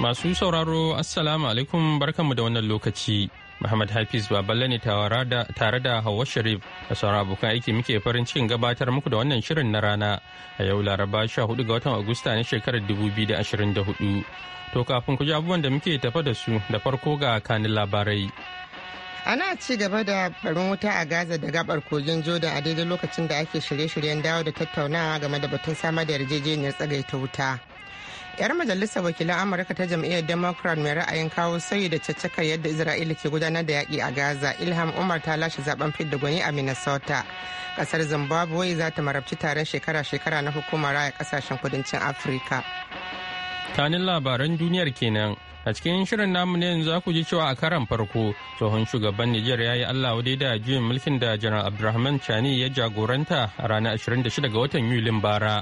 Masu sauraro Assalamu alaikum barkanmu da wannan lokaci. Muhammad Hafiz Baballe ne tare da Hauwa Sharif da sauran abokan aiki muke farin cikin gabatar muku da wannan shirin na rana a yau Laraba 14 ga watan Agusta na shekarar 2024. To kafin ku ji abubuwan da muke tafa da su da farko ga kan labarai. ana ci gaba da farin wuta a gaza da gabar kogin joda a daidai lokacin da ake shirye-shiryen dawo da tattaunawa game da batun samar da yarjejeniyar tsagaita wuta yar majalisar wakilan amurka ta jam'iyyar democrat mai ra'ayin kawo sauyi da caccaka yadda isra'ila ke gudanar da yaƙi a gaza ilham umar ta lashe zaben fidda gwani a minnesota kasar zimbabwe za ta marabci taron shekara-shekara na hukumar raya kasashen kudancin afirka tanin labaran duniyar kenan a cikin shirin namu ne yanzu ku ji cewa a karan farko tsohon shugaban Nijar ya yi Allah wadai da juyin mulkin da Janar Abdulrahman Chani ya jagoranta a ranar 26 ga watan Yulin bara.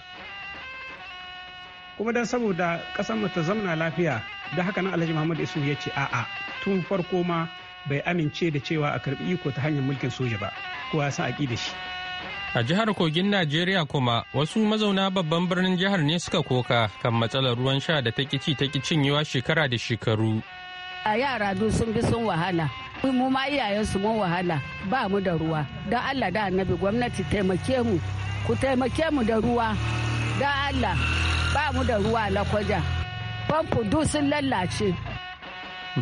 kuma dan saboda kasar ta zamna lafiya da haka nan alhaji muhammad isu ya ce a'a tun farko ma bai amince da cewa a karbi iko ta hanyar mulkin soja ba kowa san aki da shi a jihar kogin najeriya kuma wasu mazauna babban birnin jihar ne suka koka kan matsalar ruwan sha da takici kici ta cinyewa shekara da shekaru a yara duk sun bi sun wahala mu ma iyayensu mun wahala ba mu da ruwa don allah da annabi gwamnati taimake mu ku taimake mu da ruwa don allah ba mu da ruwa na kwaja famfo duk sun lallace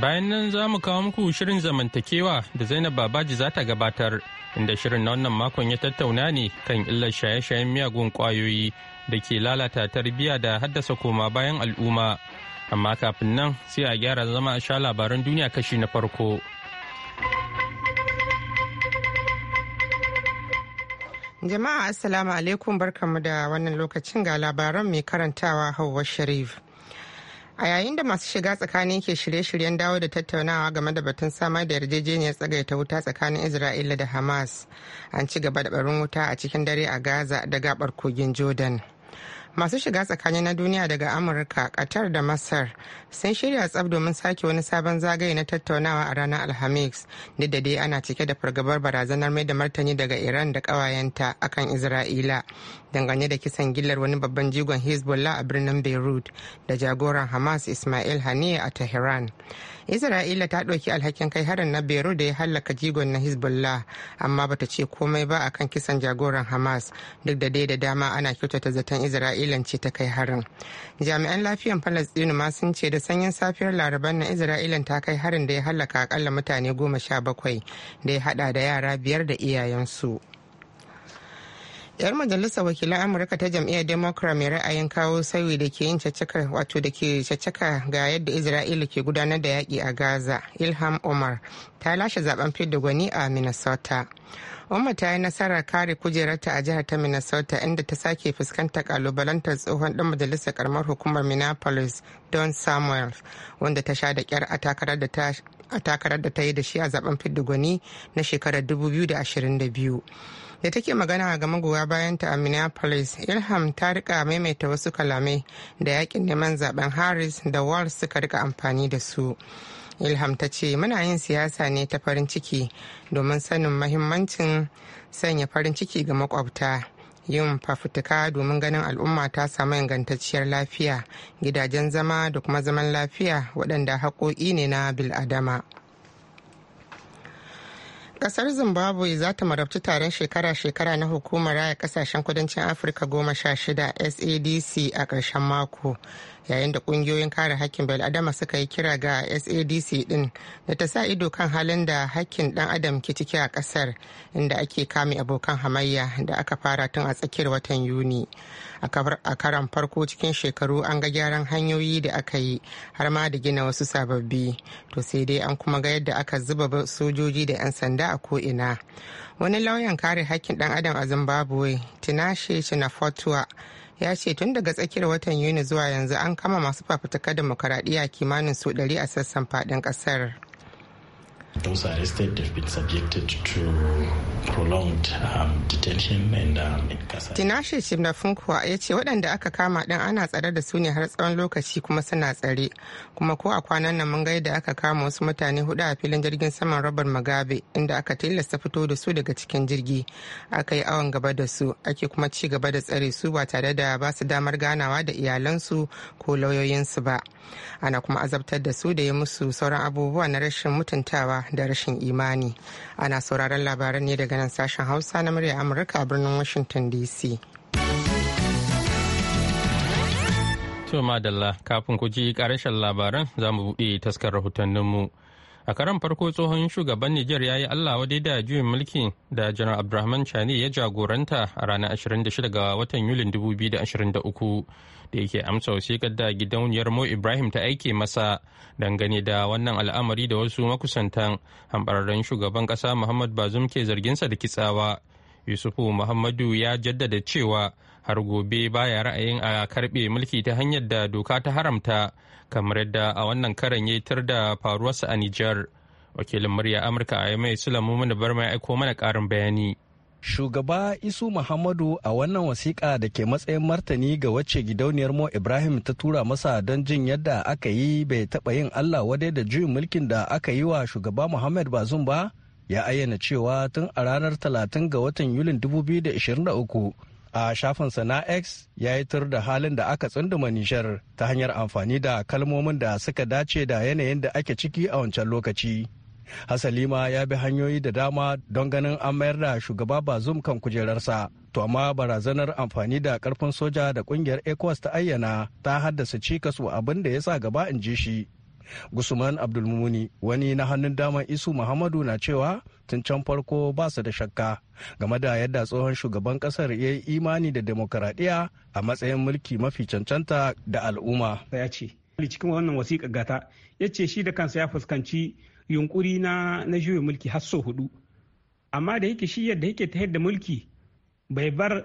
bayan nan za mu kawo muku shirin zamantakewa da zainab babaji za ta gabatar inda shirin na wannan makon ya tattauna ne kan illar shaye-shayen miyagun kwayoyi da ke lalata tarbiyya da haddasa koma bayan al'umma amma kafin nan sai a gyara zama a sha labaran duniya kashi na farko Jama'a Assalamu alaikum barkanmu da wannan lokacin ga labaran mai karantawa Hauwa Sharif. A yayin da masu shiga tsakanin ke shirye-shiryen dawo da tattaunawa game da batun samar da yarjejeniyar tsagaita wuta tsakanin Isra'ila da Hamas, an ci gaba da barin wuta a cikin dare a Gaza da gabar kogin Jordan. masu shiga tsakani na duniya daga amurka qatar da masar sun shirya tsab domin sake wani sabon zagaye na tattaunawa a ranar alhamis duk da dai ana cike da fargabar barazanar mai da martani daga iran da kawayenta akan isra'ila dangane da kisan gillar wani babban jigon hezbollah a birnin beirut da jagoran hamas ismail haniya a tehran isra'ila ta ɗauki alhakin kai harin na beirut da ya hallaka jigon na hezbollah amma bata ce komai ba akan kisan jagoran hamas duk da dai da dama ana kyautata zaton isra'ilan ce ta kai harin jami'an lafiyan falastinu ma sun ce da sanyin safiyar laraban na isra'ilan ta kai harin da ya hallaka akalla mutane goma sha bakwai da ya haɗa da yara biyar da iyayensu. yar majalisar wakilan amurka ta jam'iyyar democrat mai ra'ayin kawo sauyi da ke yin caccaka wato da ke caccaka ga yadda isra'ila ke gudanar da yaƙi a gaza ilham omar ta lashe zaben fidda gwani a minnesota umar ta yi nasarar kare kujerarta a jihar ta minnesota inda ta sake fuskantar kalubalantar tsohon dan majalisar karamar hukumar minneapolis don samuel wanda ta sha da kyar a takarar da ta da yi da shi a zaben fidda gwani na shekarar 2022 da take magana ga magoya bayanta a minneapolis ilham ta rika maimaita wasu kalamai da yakin neman zaben harris da wall suka rika amfani da su ilham ta ce muna yin siyasa ne ta farin ciki domin sanin mahimmancin sanya farin ciki ga makwabta yin fafutuka domin ganin al'umma ta samu ingantacciyar lafiya gidajen zama da kuma zaman lafiya waɗanda haƙoƙi ne na bil'adama. Kasar Zimbabwe za ta marabci taron shekara-shekara na hukumar raya kasashen kudancin Afirka goma sha shida SADC a ƙarshen mako yayin da kungiyoyin kare hakkin adama suka yi kira ga sadc din da ta sa ido kan halin da hakkin dan adam ke ciki a kasar inda ake kame abokan hamayya da aka fara tun a tsakiyar watan yuni a karan farko cikin shekaru an ga gyaran hanyoyi da aka yi har ma da gina wasu sababbi to sai dai an kuma ga yadda aka zuba sojoji da 'yan sanda a ko'ina wani lauyan kare hakkin dan adam a zimbabwe tinashe chinafotua ya ce tun daga tsakiyar watan yuni zuwa yanzu an kama masu fafutuka demokaradiyya kimanin su 100 a sassan faɗin ƙasar. those arrested have been subjected to prolonged um, detention and um, Tinashe na ya ce waɗanda aka kama ɗin ana tsare da su ne har tsawon lokaci kuma suna tsare. Kuma ko a kwanan nan mun gaida aka kama wasu mutane hudu a filin jirgin saman Robert Mugabe inda aka tilasta fito da su daga cikin jirgi. Aka yi awon gaba da su ake kuma ci gaba da tsare su ba tare da ba su damar ganawa da iyalansu ko lauyoyinsu ba. Ana kuma azabtar da su da ya musu sauran abubuwa na rashin mutuntawa da rashin imani ana sauraron labaran ne daga nan sashen hausa na murya amurka a birnin washington dc to madalla kafin ku ji karashen labaran za mu buɗe taskar rahotanninmu mu a karan farko tsohon shugaban Nijar ya yi Allah wadai da juyin mulki da Janar Abdurrahman Chani ya jagoranta a ranar 26 ga watan Yulin 2023 da yake amsa wasiƙar da gidauniyar Mo Ibrahim ta aike masa dangane da wannan al'amari da wasu makusantan hambararren shugaban ƙasa Muhammad Bazum ke zarginsa da kitsawa. Yusufu Muhammadu ya jaddada cewa har gobe baya ra'ayin a karbe mulki ta hanyar da doka ta haramta kamar yadda a wannan karan ya yi tar da faruwarsa a Nijar. Wakilin murya Amurka a Yamai Sulamu mana bar mai aiko mana karin bayani. Shugaba Isu Muhammadu a wannan wasiƙa da ke matsayin martani ga wacce gidauniyar Mo Ibrahim ta tura masa don jin yadda aka yi bai taɓa yin Allah wadai da juyin mulkin da aka yi wa shugaba Muhammad Bazum ba ya ayyana cewa tun a ranar 30 ga watan Yulin 2023 a shafin na X ya yi tur da halin da aka tsunduma nishar ta hanyar amfani da kalmomin da suka dace da yanayin da ake ciki a wancan lokaci. Hasalima ya bi hanyoyi da dama don ganin an mayar da shugaba ba Bazum kan kujerarsa. To amma barazanar amfani da karfin soja da kungiyar ECOWAS ta ayyana ta haddasa cikas wa abin da ya sa gaba in ji shi. Gusman Abdulmumuni wani na hannun daman Isu Muhammadu na cewa tun can farko ba su da shakka game da yadda tsohon shugaban kasar ya yi imani da demokaradiyya a matsayin mulki mafi cancanta da al'umma. Ya ce, cikin wannan wasiƙa gata, ya ce shi da kansa ya fuskanci yunkuri na na juyin mulki har so hudu. Amma da yake shi yadda yake ta yadda mulki bai bar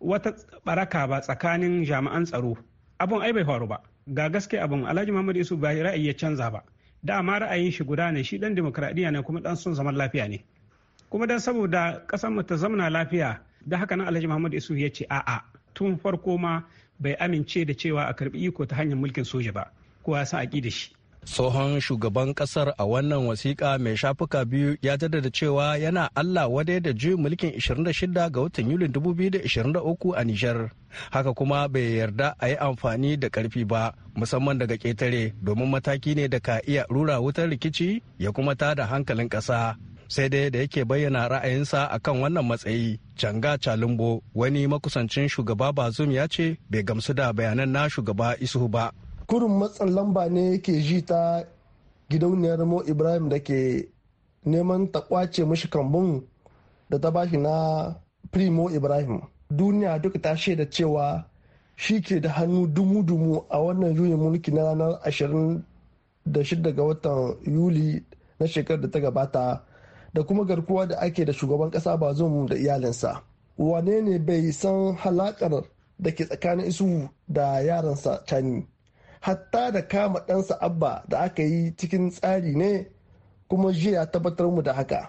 wata baraka ba tsakanin jami'an tsaro. Abun ai bai faru ba. ga gaske abin alhaji muhammad yusuf ba ra'ayi ya canza ba dama ra'ayin shi guda ne shi dan demokradiyya ne kuma dan son zaman lafiya ne kuma dan saboda kasan mu ta zamana lafiya da haka nan alhaji muhammad yusuf ya ce a'a tun farko ma bai amince da cewa a karbi iko ta hanyar mulkin soja ba kowa ya san aƙi da shi tsohon shugaban kasar a wannan wasiƙa mai shafuka biyu ya jaddada cewa yana allah wadai da juyin mulkin 26 ga watan yuli 2023 a nijar haka kuma bai yarda a yi amfani da ƙarfi ba musamman daga ƙetare domin mataki ne da ka iya rura wutar rikici ya kuma tada hankalin ƙasa sai dai da yake bayyana ra'ayinsa a kan wannan matsayi canga calumbo wani makusancin shugaba bazum ya ce bai gamsu da bayanan na shugaba isuhu ba kurin matsan lamba ne ke ji ta gidauniyar mo ibrahim da ke neman ta kwace mashi kambun da ta bashi na primo ibrahim duniya duka ta shaida cewa shi ke da hannu dumu-dumu a wannan juyin mulki na ranar 26 ga watan yuli na shekarar da ta gabata da kuma garkuwa da ake da shugaban kasa bazum da iyalinsa wane ne bai san halakar da ke tsakanin isu da yaransa cani hatta da kama ɗansa abba da aka yi cikin tsari ne kuma jiya ya tabbatar mu da haka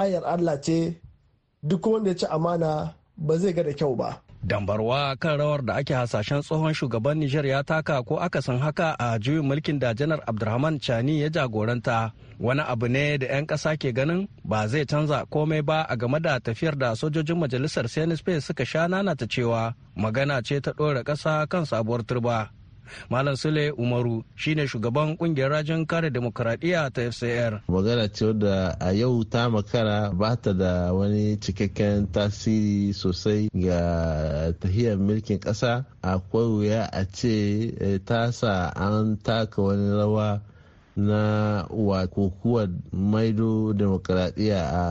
ayar allah ce duk wanda ya ci amana ba zai ga da kyau ba dambarwa kan rawar da ake hasashen tsohon shugaban nijar ya taka ko akasin haka a juyin mulkin da janar abdulrahman chani ya jagoranta wani abu ne da 'yan ƙasa ke ganin ba zai canza komai ba a game da tafiyar da sojojin majalisar space suka sha nana ta cewa magana ce ta ɗora ƙasa kan sabuwar turba Malam Sule Umaru shine shugaban kungiyar rajin kare demokradiyya ta FCR. Magana ce da a yau ta makara ba ta da wani cikakken tasiri sosai ga tahiyar mulkin ƙasa akwai wuya a ce eh, ta sa an taka wani rawa na wa maido demokradiyya a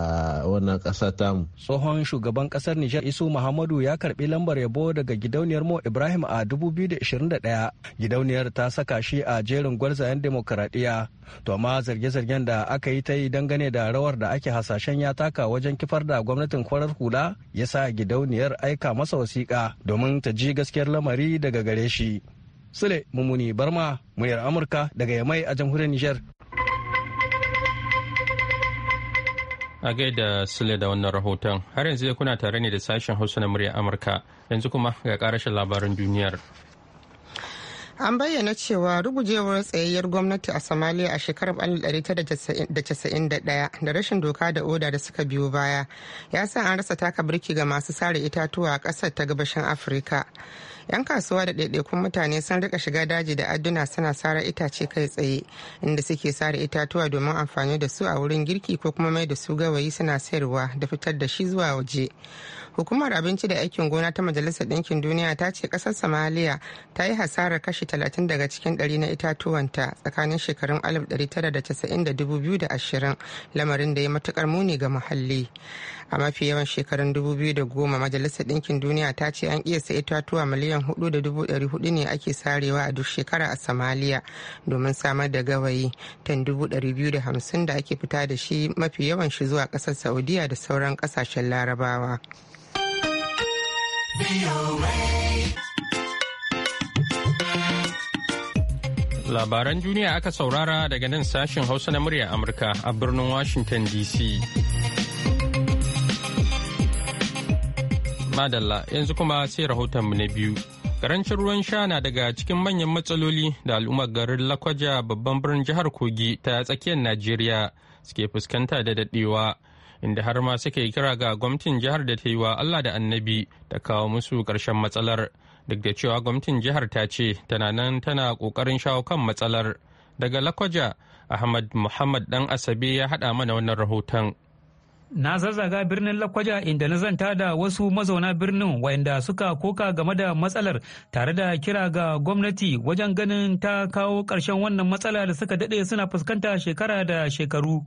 wannan ƙasa tamu. Tsohon shugaban ƙasar Nijar Isu Muhammadu ya karbi lambar yabo daga gidauniyar Mo Ibrahim a 2021. Gidauniyar ta saka shi a jerin gwarzayen demokradiyya. To amma zarge-zargen da aka yi ta yi dangane da rawar da ake hasashen ya taka wajen kifar da gwamnatin kwarar hula ya sa gidauniyar aika masa wasiƙa domin ta ji gaskiyar lamari daga gare shi. Sule Mumuni Barma, muryar Amurka daga Yamai a jamhuriyar Nijar. A gaida Sule da wannan rahoton, har yanzu kuna tare ne da sashen Hausa na muryar Amurka, yanzu kuma ga karashin labarin duniyar. an bayyana cewa rugujewar tsayayyar gwamnati a somalia a shekarar 1991 da rashin doka da oda da suka biyo baya ya sa an rasa taka birki ga masu sare itatuwa a ƙasar ta gabashin afirka 'yan kasuwa da ɗaiɗaikun mutane sun rika shiga daji da adduna suna sara itace kai tsaye inda suke sare itatuwa domin amfani da su a wurin girki ko kuma mai da su gawayi suna sayarwa da fitar da shi zuwa waje hukumar abinci da aikin gona ta majalisar ɗinkin duniya ta ce ƙasar somaliya ta yi hasarar kashi 30 daga cikin ɗari na itatuwanta tsakanin shekarun 1990 da 2020 lamarin da ya matukar muni ga muhalli a mafi yawan shekarun 2010 majalisar ɗinkin duniya ta ce an sa itatuwa miliyan 4,400 ne ake sarewa a duk shekara a samaliya domin samar da gawayi tan 250 da ake fita da shi mafi yawan shi zuwa ƙasar saudiya da sauran ƙasashen larabawa. Labaran duniya aka saurara daga nan sashen Hausa na murya Amurka a birnin Washington DC. Madalla yanzu kuma sai rahotonmu na biyu. Karancin ruwan sha na daga cikin manyan matsaloli da al'ummar garin Lakwaja babban birnin jihar Kogi ta tsakiyar Najeriya suke fuskanta da daɗewa. Inda har ma suke kira ga gwamnatin jihar da ta yi wa Allah da annabi ta kawo musu ƙarshen matsalar. Duk da cewa gwamnatin jihar ta ce tana nan tana ƙoƙarin shawo kan matsalar. Daga Lakwaja, Ahmad Muhammad dan Asabe ya haɗa mana wannan rahoton. na zazzaga birnin lakwaja inda na zanta da wasu mazauna birnin wayanda suka koka game da matsalar tare da kira ga gwamnati wajen ganin ta kawo ƙarshen wannan matsala da suka daɗe suna fuskanta shekara da shekaru.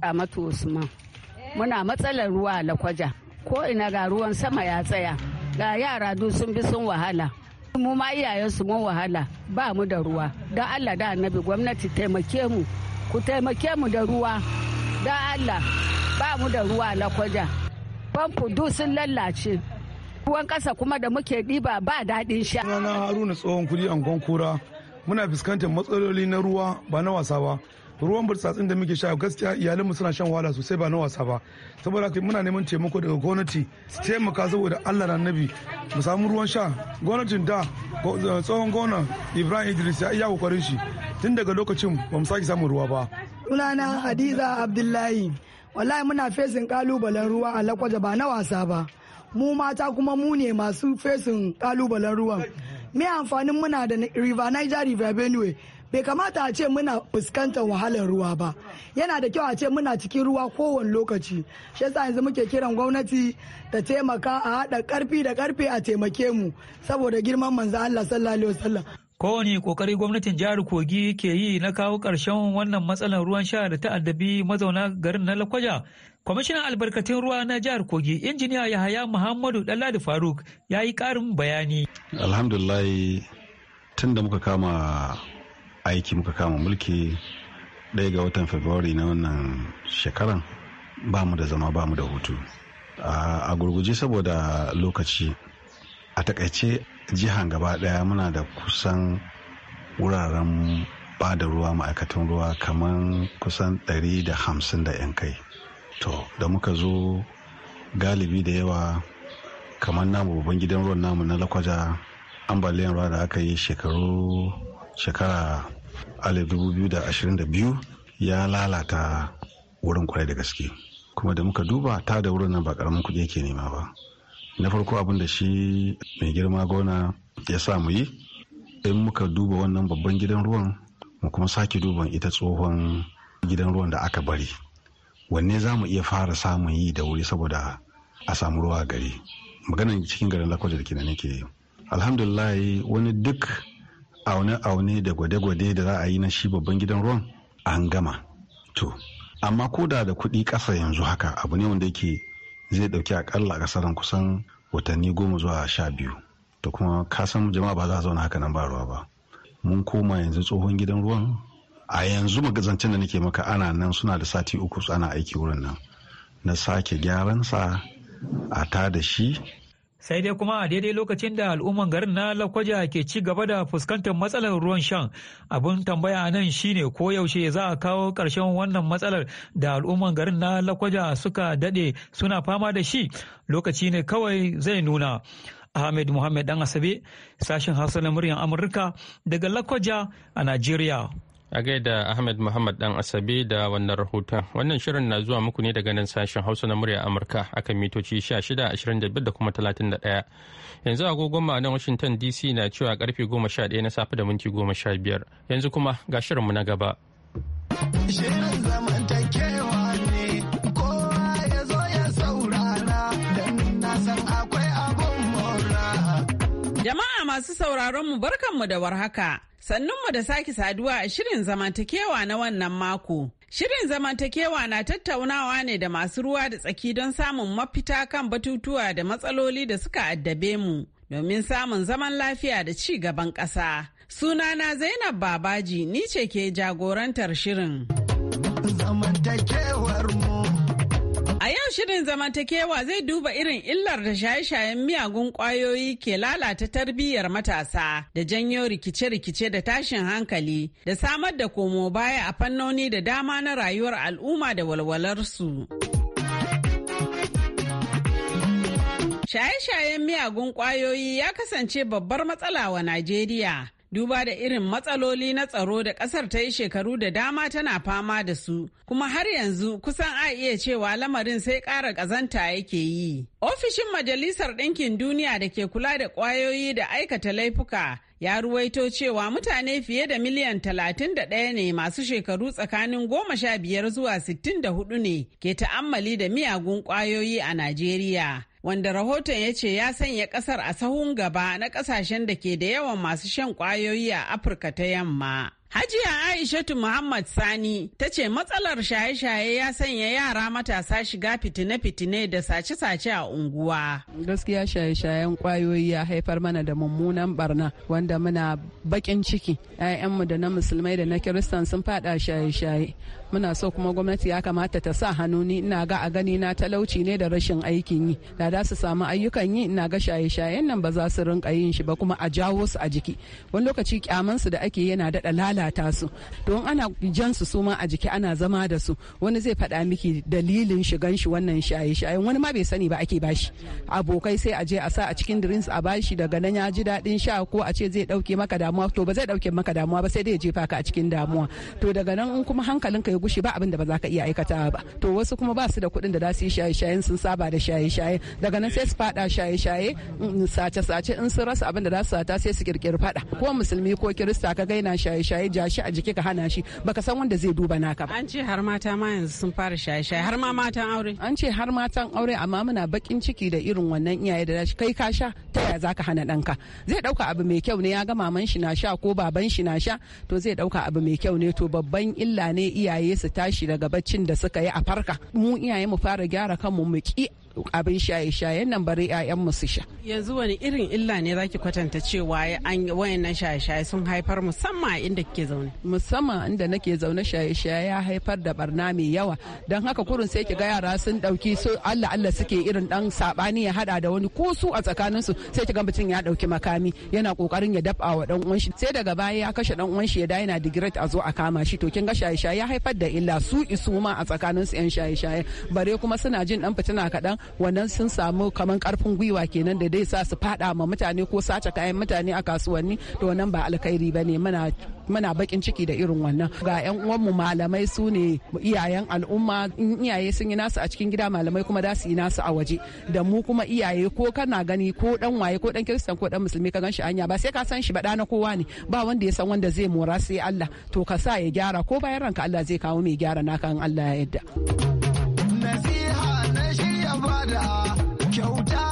muna matsalar ruwa a lakwaja, ko ina ga ruwan sama ya tsaya, ga yara duk sun bi sun wahala. Mu ma iyayensu mun wahala, ba mu da ruwa, don Allah da annabi gwamnati taimake mu, ku taimake mu da ruwa, don Allah. ba mu da ruwa na kwaja famfo duk sun lallace ruwan kasa kuma da muke ɗiba ba daɗin sha. Sunana Haruna tsohon kudi an kura muna fuskantar matsaloli na ruwa ba na wasa ba. ruwan burtsatsin da muke sha gaskiya iyalinmu suna shan wahala sosai ba na wasa ba saboda haka muna neman taimako daga gwamnati su taimaka saboda Allah na nabi mu samu ruwan sha gwamnatin da eh, tsohon gwamna Ibrahim Idris ya iya kokarin shi tun daga lokacin ba mu sake samun ruwa ba sunana Hadiza Abdullahi wallahi muna fesin kalubalen ruwa a lakwaja ba na wasa ba mu mata kuma mu ne masu fesin kalubalen ruwan me amfanin muna da river niger river benue bai kamata a ce muna fuskantar wahalar ruwa ba yana da kyau a ce muna cikin ruwa kowane lokaci shi yasa yanzu muke kiran gwamnati ta taimaka a haɗa karfi da karfe a taimake mu saboda girman manzo Allah sallallahu alaihi wasallam kowane kokari gwamnatin jihar kogi ke yi na kawo ƙarshen wannan matsalar ruwan sha da ta'addabi mazauna garin na lakwaja kwamishinan albarkatun ruwa na jihar kogi injiniya yahaya muhammadu ɗanladi faruk ya yi ƙarin bayani alhamdulillah tun da muka kama aiki muka kama mulki ɗaya ga watan february na wannan shekaran ba mu da zama ba mu da hutu a gurguje saboda lokaci a takaice jihan gaba daya muna da kusan wuraren ba da ruwa ma'aikatan ruwa kamar kusan 150 da 'yan kai to da muka zo galibi da yawa kamar namu babban gidan ruwan namu na lakwaja ambaliyan ruwa da aka yi shekaru shekara 2022 ya lalata wurin kwarai da gaske kuma da muka duba ta da wurin nan ba karamin kuɗi yake nema ba na farko abin da shi mai girma gona ya sa mu yi in muka duba wannan babban gidan ruwan mu kuma sake duba ita tsohon gidan ruwan da aka bari wanne za mu iya fara samun yi da wuri saboda a samu ruwa gari maganan cikin garin lakwaje da kinan nake alhamdulillah wani duk aune-aune da gwade-gwade da za a yi na shi babban gidan ruwan an gama to amma koda da kuɗi ƙasa yanzu haka abu ne wanda yake zai dauki akalla a kasar kusan watanni goma zuwa sha biyu to kuma ka san jama'a ba za a zauna haka nan ba ruwa ba mun koma yanzu tsohon gidan ruwan a yanzu magazancin da nake maka ana nan suna da sati uku ana aiki wurin nan na sake gyaran sa a ta da shi sai dai kuma a daidai lokacin da al'umman garin na lakwaja ke ci gaba da fuskantar matsalar ruwan shan abin tambaya nan shine ko yaushe za a kawo karshen wannan matsalar da al'umman garin na lakwaja suka daɗe suna fama da shi lokaci ne kawai zai nuna Ahmed Muhammad Dan Asabe, sashen Hausa na muryar Amurka daga Lakwaja a Najeriya. A gaida Ahmed Muhammad dan Asabe da wannan rahoton. Wannan shirin na zuwa muku ne daga nan sashen Hausa na murya Amurka akan mitoci shida ashirin da kuma 31. Yanzu agogon na Washington DC na cewa karfe goma sha 11 na safe da minti goma sha biyar Yanzu kuma ga shirinmu na gaba. Shirin zama masu sauraron mu barkanmu da warhaka. Sannunmu da sake saduwa a shirin zamantakewa na wannan mako. Shirin zamantakewa na tattaunawa ne da masu ruwa da tsaki don samun mafita kan batutuwa da matsaloli da suka addabe mu domin samun zaman lafiya da ci gaban ƙasa. Sunana Zainab Babaji ni ce ke jagorantar shirin. Zamantakewar A yau shirin zamantakewa zai duba irin illar da shaye-shayen miyagun ƙwayoyi ke lalata tarbiyyar matasa da janyo rikice-rikice da tashin hankali da samar da komo baya a fannoni da dama na rayuwar al'umma da walwalarsu. Shaye-shayen miyagun ƙwayoyi ya kasance babbar matsala wa Najeriya. duba da irin matsaloli na tsaro da kasar ta yi shekaru da dama tana fama da su kuma har yanzu kusan a iya cewa lamarin sai ƙara ƙazanta yake yi ofishin majalisar ɗinkin duniya da ke kula da ƙwayoyi da aikata laifuka ya ruwaito cewa mutane fiye da miliyan 31 ne masu shekaru tsakanin 15 zuwa 64 ne ke ta'ammali da miyagun ƙwayoyi a najeriya wanda rahoton ya ce ya sanya kasar a sahun gaba na kasashen da ke da yawan masu shan kwayoyi a Afirka ta yamma. Hajiya Aishatu Muhammad Sani ta ce matsalar shaye-shaye ya sanya yara matasa shiga fitine-fitine da sace-sace a unguwa. Gaskiya shaye-shayen kwayoyi ya haifar mana da mummunan barna wanda muna bakin ciki. 'ya'yanmu da na musulmai da na kiristan sun fada shaye-shaye. muna so kuma gwamnati ya kamata ta sa hannu ni ina ga a gani na talauci ne da rashin aikin yi da za su samu ayyukan yi ina ga shaye-shayen nan ba za su rinka yin shi ba kuma a jawo su a jiki wani lokaci su da ake yana daɗa lalata su don ana jan su su ma a jiki ana zama da su wani zai faɗa miki dalilin shigan shi wannan shaye-shayen wani ma bai sani ba ake bashi abokai sai a je a sa a cikin drinks a bashi daga nan ya ji daɗin sha ko a ce zai ɗauke maka damuwa to ba zai ɗauke maka damuwa ba sai dai ya jefa ka a cikin damuwa to daga nan in kuma hankalinka ya bushe ba abin da ba za ka iya aikata ba to wasu kuma ba su da kuɗin da za su yi shaye-shayen sun saba da shaye-shaye daga nan sai su fada shaye-shaye mm, sace-sace in sun rasa abin da za su sata sai su kirkiri fada ko musulmi ko kirista ka gaina shaye-shaye ja shi a jiki ka hana shi baka san wanda zai duba naka ba an ce har mata ma yanzu sun fara shaye-shaye har ma matan aure an ce har matan aure amma muna bakin ciki da irin wannan iyaye da kai ka sha ta yaya zaka hana ɗanka zai ɗauka abu mai kyau ne ya ga maman shi na sha ko baban shi na sha to zai ɗauka abu mai kyau ne to babban illa ne iyaye iyaye su tashi daga baccin da suka yi a farka mu iyaye mu fara gyara kanmu mu ki abin shaye-shayen nan bari 'ya'yanmu su sha. Yanzu wani irin illa ne zaki kwatanta cewa wayannan shaye-shaye sun haifar musamman inda kike zaune? Musamman inda nake zaune shaye-shaye ya haifar da barna mai yawa. Don haka kurin sai ki ga yara sun dauki su Allah Allah suke irin dan sabani ya hada da wani ko su a tsakanin su sai ki ga mutum ya dauki makami yana kokarin ya dafa wa dan uwan sai daga baya ya kashe dan uwan ya da yana digiret a zo a kama shi to kin ga shaye-shaye ya haifar da illa su isu ma a tsakanin su yan shaye-shaye bare kuma suna jin dan fitina kaɗan wannan sun samu kamar karfin gwiwa kenan da dai sa su fada ma mutane ko sace kayan mutane a kasuwanni to wannan ba alkhairi bane muna muna bakin ciki da irin wannan ga yan uwanmu malamai su ne iyayen al'umma in iyaye sun yi nasu a cikin gida malamai kuma za su yi nasu a waje da mu kuma iyaye ko kana gani ko dan waye ko dan kiristan ko dan musulmi ka ganshi anya ba sai ka san shi ba na kowa ne ba wanda ya san wanda zai mora sai Allah to ka sa ya gyara ko bayan ranka Allah zai kawo mai gyara naka in Allah ya yarda nasiha bada kyauta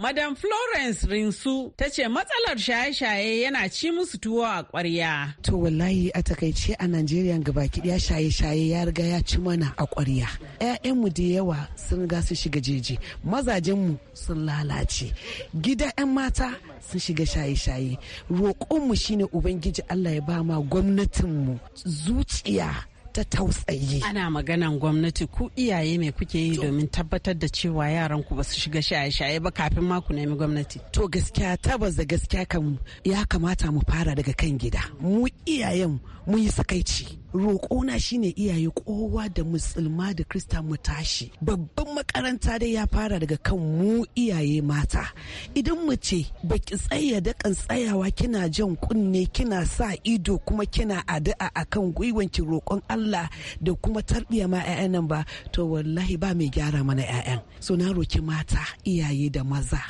Madam Florence Rinsu ta ce matsalar shaye-shaye yana ci musu tuwo a ƙwarya. To wallahi a takaice a Najeriya gaba ɗaya shaye-shaye ya riga ya ci mana a ƙwarya. 'Ya'yanmu da yawa sun ga sun shiga jeji, mazajenmu sun lalace. Gida 'yan mata sun shiga shaye-shaye. Roƙonmu shine Ubangiji Allah ya ba ma gwamnatinmu zuciya ta tausayi. Ana maganan gwamnati ku iyaye mai kuke yi domin tabbatar da cewa yaran ku basu shiga shaye-shaye ba kafin ma ku nemi gwamnati. To gaskiya tabbas da gaskiya kan ya kamata mu fara daga kan gida. Mu iyayen mu yi sakaici. roƙona shine iyaye kowa da musulma da krista mu tashi babban makaranta dai ya fara daga kan mu iyaye mata idan mace baki tsaya da kan tsayawa kina jan kunne kina sa ido kuma kina addu'a akan gwiwanki roƙon Allah da kuma tarbiya ma 'ya'yan nan ba to wallahi ba mai gyara mana 'ya'yan so na roki mata iyaye da maza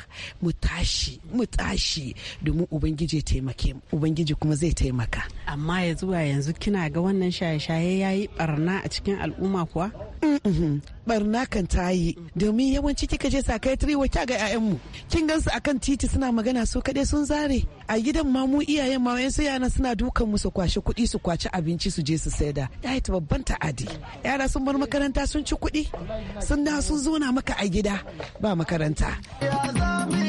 mu tashi mu tashi domin ubangiji taimake mu ubangiji kuma zai taimaka amma ya zuwa yanzu kina ga wannan shaye-shaye ya yi barna a cikin al'umma kuwa? barna kan ta yi domin yawanci kika je kai wa kya ga 'ya'yanmu kin gansu akan titi suna magana su kaɗai sun zare a gidan ma mu iyayen ma wayansu yana suna dukan mu su kwashi kuɗi su kwaci abinci su je su saida ya yi ta babban ta'adi yara sun bar makaranta sun ci kuɗi sun da sun zo maka a gida ba makaranta. Ya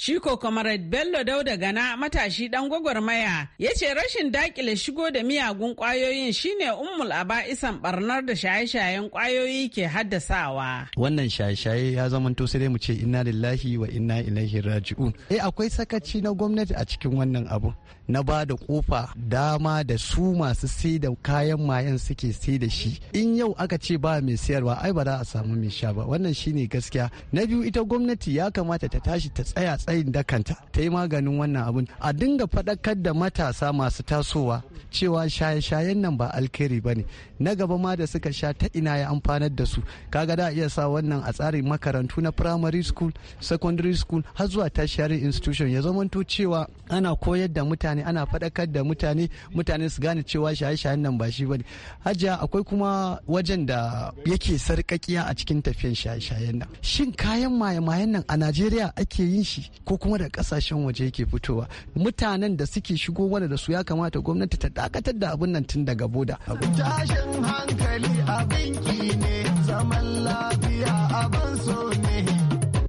Shi ko Comrade Bello Dauda Gana matashi dan gwagwarmaya ya ce rashin dakile shigo da miyagun kwayoyin shine ummul isan barnar da shaye-shayen kwayoyi ke haddasawa. Wannan shaye-shaye ya zamanto sai dai mu ce inna lillahi wa inna ilaihi raji'un. Eh akwai sakaci na gwamnati a cikin wannan abu. na ba da kofa dama da su masu sai da kayan mayan suke sai da shi in yau aka ce ba mai sayarwa ai ba za a samu mai sha ba wannan shine gaskiya na biyu ita gwamnati ya kamata ta tashi ta tsaya tsayin dakanta ta yi maganin wannan abun a dinga faɗakar da matasa masu tasowa cewa shaye-shayen nan ba alkhairi ba ne na gaba ma da suka sha ta ina ya amfanar da su kaga da iya sa wannan a tsarin makarantu na primary school secondary school har zuwa tertiary institution ya zamanto cewa ana koyar da mutane mutane ana faɗakar da mutane mutane su gane cewa shaye-shayen nan ba shi bane hajiya akwai kuma wajen da yake sarƙaƙiya a cikin tafiyan shaye-shayen nan shin kayan maye-mayen nan a najeriya ake yin shi ko kuma da ƙasashen waje yake fitowa mutanen da suke shigo wani da su ya kamata gwamnati ta dakatar da abin nan tun daga boda tashin hankali abin ne zaman lafiya abin so ne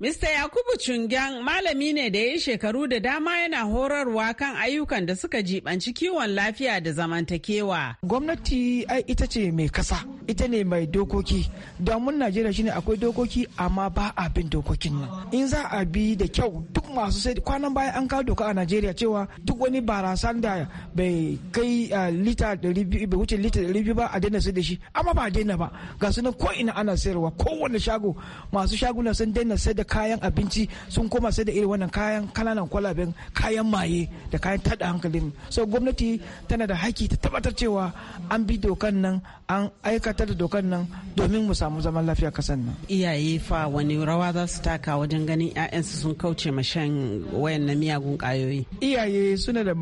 Mr. Yakubu Cungyan malami ne da ya shekaru da dama yana horarwa kan ayyukan da suka jibanci kiwon lafiya da zamantakewa. Gwamnati ai ita ce mai kasa, ita ne mai dokoki. Damun Najeriya shine akwai dokoki amma ba abin dokokin nan. In za a bi da kyau masu sai kwanan baya an kawo doka a Najeriya cewa duk wani barasan da bai kai lita bai wuce lita 200 ba a daina sai da shi amma ba a daina ba ga su nan ko ina ana sayarwa kowane shago masu shaguna sun daina sai da kayan abinci sun koma sai da irin wannan kayan kananan kwalaben kayan maye da kayan taɗa hankali so gwamnati tana da haƙƙi ta tabbatar cewa an bi dokan nan an aikatar da dokan nan domin mu samu zaman lafiya kasan nan iyaye fa wani rawa za su taka wajen ganin 'ya'yansu sun kauce masha wayan na miyagun ƙayoyi iyaye suna da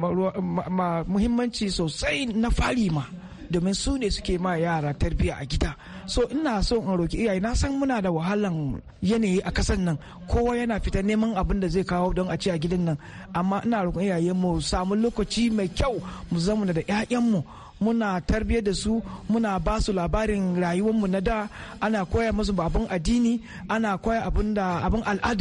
muhimmanci sosai na fari ma domin su ne suke ma yara tarbiyya a gida so ina so in roki iyaye na san muna da wahalan yanayi a kasan nan kowa yana fita neman abin da zai kawo don a ci a gidan nan amma ina roƙon iyayen mu samu lokaci mai kyau mu zama da 'ya'yan mu muna tarbiyyar da su muna ba su labarin mu na da ana koya musu babban addini ana koya abin da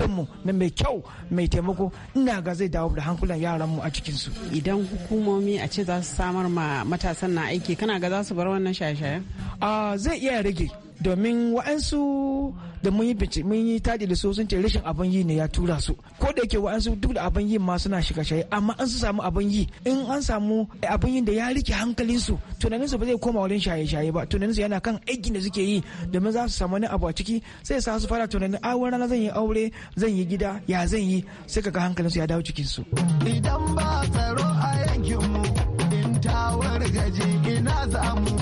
mu na mai kyau mai taimako ina ga zai dawo da hankulan yaranmu a cikinsu idan hukumomi a ce za su samar ma matasan na aiki kana ga za su bar wannan shaye-shayen ah, zai iya rage domin wa'ansu da mun yi mun tadi da su sun ce rashin abin yi ne ya tura su ko da yake wa'ansu duk da abin yi ma suna shiga shaye amma an su samu abin yi in an samu abin yi da ya rike hankalin su tunanin su ba zai koma wurin shaye shaye ba tunanin su yana kan aikin da suke yi domin za su samu wani abu a ciki sai sa su fara tunanin a ah, wani rana zan yi aure zan yi gida ya zan yi sai ka ga hankalin su ya dawo cikin su idan ba tsaro a yankin mu in tawar gaji ina zamu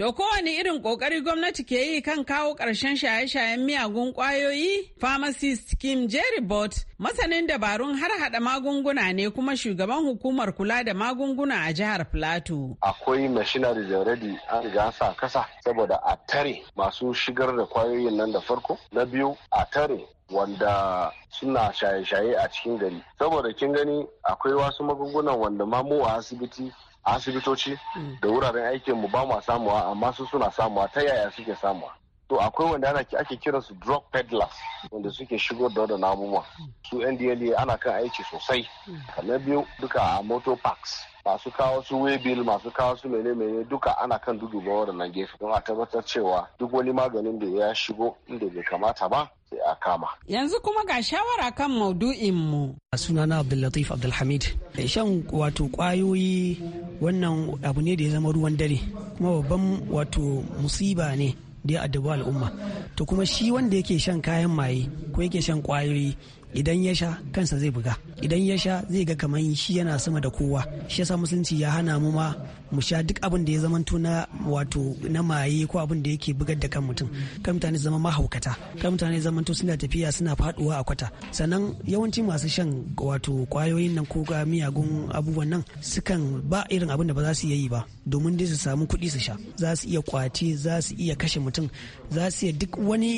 To kowane irin kokari gwamnati ke yi kan kawo ƙarshen shaye-shayen miyagun ƙwayoyi? Pharmacist Kim Jerry Bot, masanin dabarun har hada magunguna ne kuma shugaban hukumar kula da magunguna a jihar Plateau. Akwai machinery ready an riga sa kasa saboda a tare masu shigar da kwayoyin nan da farko. Na biyu a tare wanda suna shaye-shaye a cikin gari. Saboda kin gani akwai wasu magungunan wanda mamu a asibiti a asibitoci mm. da wuraren aikin mu ba mu samuwa amma su suna samuwa ta yaya suke samuwa to akwai wanda ana ake kira su drug peddlers wanda suke shigo da wadannan abubuwa mm. su ndla ana kan aiki sosai mm. Kana biyu duka a motor parks masu kawo su webil masu kawo su mene mene duka ana kan duduba waɗannan gefe don a tabbatar cewa duk wani maganin da ya shigo inda bai kamata ba sai a kama. Yanzu kuma ga shawara kan maudu’in mu Sunana Abdullatif Abdulhamid. Shan wato kwayoyi wannan abu ne da ya zama ruwan dare kuma babban wato musiba ne da ya addabi al'umma. To kuma shi wanda yake shan kayan maye ko yake shan kwayoyi idan ya sha kansa zai buga idan ya sha zai ga kamar shi yana sama da kowa shi yasa musulunci ya hana mu ma mu sha duk abin da ya zamanto na wato na maye ko abin da yake bugar da kan mutum kan mutane zama mahaukata kan mutane zamanto suna tafiya suna faduwa a kwata sannan yawanci masu shan wato kwayoyin nan ko ga miyagun abubuwan nan sukan ba irin abin da ba za su yi ba domin dai su samu kuɗi su sha za su iya kwace za su iya kashe mutum za su iya duk wani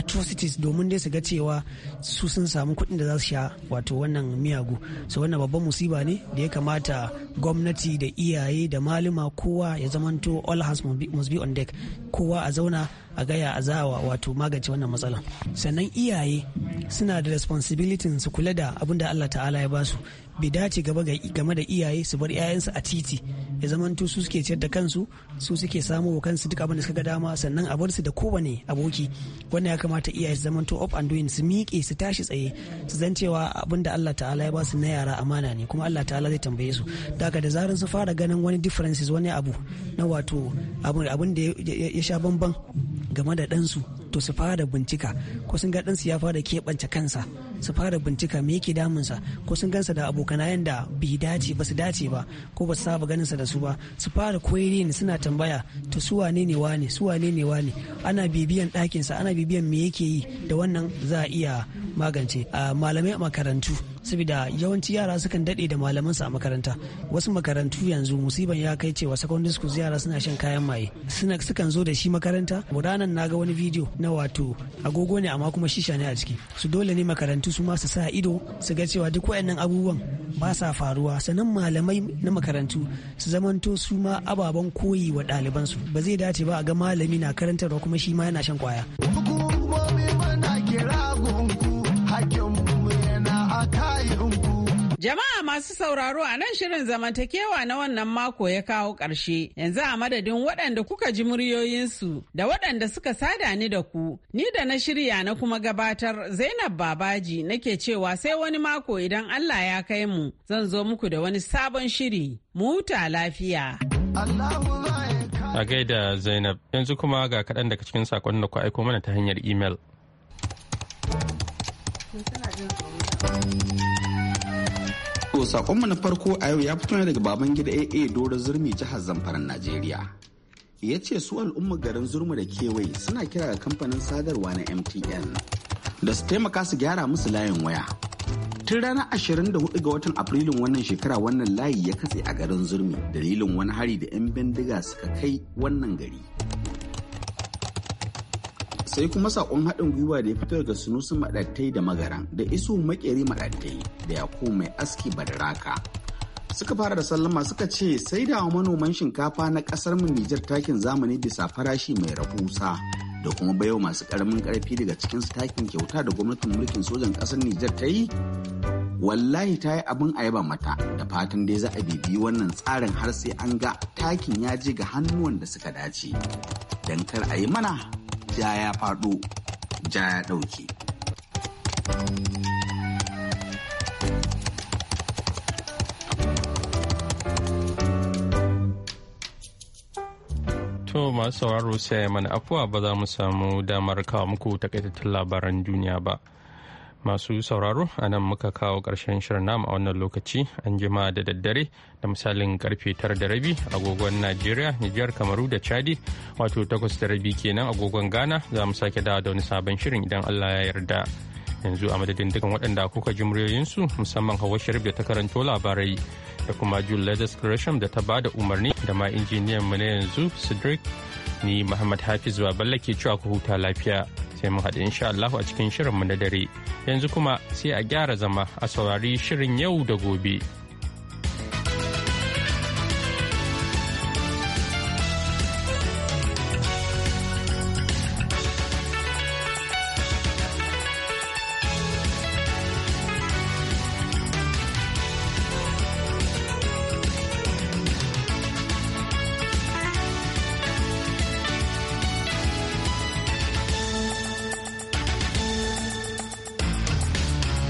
atrocities domin dai su ga cewa su sun samu samu kuɗin da za su sha wato wannan miyagu so wannan babban musiba ne da ya kamata gwamnati da iyaye da malama kowa ya zamanto all hands must be on deck kowa a zauna a gaya a zawa wato magance wannan matsalan sannan iyaye suna da responsibility su kula da abin da Allah ta'ala ya basu bai dace gaba game da iyaye su bar 'ya'yansu a titi ya zamanto su suke ciyar da kansu su suke samu wa kansu duk abin da suka ga dama sannan a bar su da kowane aboki wannan ya kamata iyaye su zamanto up and doing su miƙe su tashi tsaye su zan cewa abin da Allah ta'ala ya ba su na yara amana ne kuma Allah ta'ala zai tambaye su daga da zarin su fara ganin wani differences wani abu na wato abin da ya sha bamban game da ɗansu to su fara bincika ko sun ga ɗansu ya fara keɓance kansa su fara bincika me yake damunsa ko sun gansa da abokanayen da bai dace ba su dace ba ko ba su saba ganin sa da su ba su fara koyi ne suna tambaya to su wane ne wane su wane ne wane ana bibiyan sa ana bibiyan me yake yi da wannan za a iya magance a malamai a makarantu saboda yawanci yara sukan daɗe da malamansu a makaranta wasu makarantu yanzu musiban ya kai cewa secondary school yara suna shan kayan maye suna sukan zo da shi makaranta ranar na ga wani bidiyo na wato agogo ne amma kuma shisha ne a ciki su dole ne makarantu su ma su sa ido su ga cewa duk wayannan abubuwan ba sa faruwa sannan malamai na makarantu su zamanto su ma ababen koyi wa ɗalibansu ba zai dace ba a ga malami na karantarwa kuma shi ma yana shan kwaya. mana Jama'a masu sauraro a nan shirin zamantakewa na wannan mako ya kawo ƙarshe. Yanzu a madadin waɗanda kuka ji muryoyinsu da waɗanda suka sada ni da ku, ni da na shirya na kuma gabatar Zainab Babaji nake cewa sai wani mako idan Allah ya kai mu zan zo muku da wani sabon shiri. Muta lafiya. A gaida Zainab, yanzu kuma ga kaɗan daga cikin saƙon da ku aiko mana ta hanyar imel. sakonmu na farko a yau ya fito ne daga baban gida AA Dora Zurmi jihar Zamfara Najeriya. Ya ce su al'umma garin Zurmi da kewaye suna kira ga kamfanin sadarwa na MTN da su taimaka su gyara musu layin waya. Tun ranar 24 ga watan Afrilun wannan shekara wannan layi ya katse a garin Zurmi dalilin wani hari da 'yan bindiga suka kai wannan gari. sai kuma sakon haɗin gwiwa da ya fitar ga sunusun maɗattai da magaran da iso makeri maɗattai da ko mai aski badaraka suka fara da sallama suka ce sai da manoman shinkafa na ƙasar mu nijar takin zamani bisa farashi mai rahusa da kuma bayo masu ƙaramin ƙarfi daga cikin takin kyauta da gwamnatin mulkin sojan ƙasar nijar ta yi wallahi ta yi abin ayaba mata da fatan dai za a bibi wannan tsarin har sai an ga takin ya je ga hannuwan da suka dace don kar a yi mana ja ya faɗo ja ya ɗauke. To masu sauraro sai mana afuwa ba za mu samu damar kawo muku takaitattun labaran duniya ba. Masu sauraro a nan muka kawo ƙarshen shirin nam a wannan lokaci an jima da daddare da misalin karfe tara da rabi agogon Najeriya, Nijar, Kamaru da Chadi wato takwas da rabi kenan agogon Ghana za mu sake dawa da wani sabon shirin idan Allah ya yarda. Yanzu a madadin dukkan waɗanda kuka ji muryoyinsu musamman hawa Sharif da ta karanto labarai da kuma Jude Ledes Gresham da ta ba da umarni da ma injiniyan mu na yanzu Cedric ni Muhammad Hafiz baballa ke cewa ku huta lafiya. sai mu haɗe insha Allah a cikin shirinmu na dare yanzu kuma sai a gyara zama a saurari shirin yau da gobe.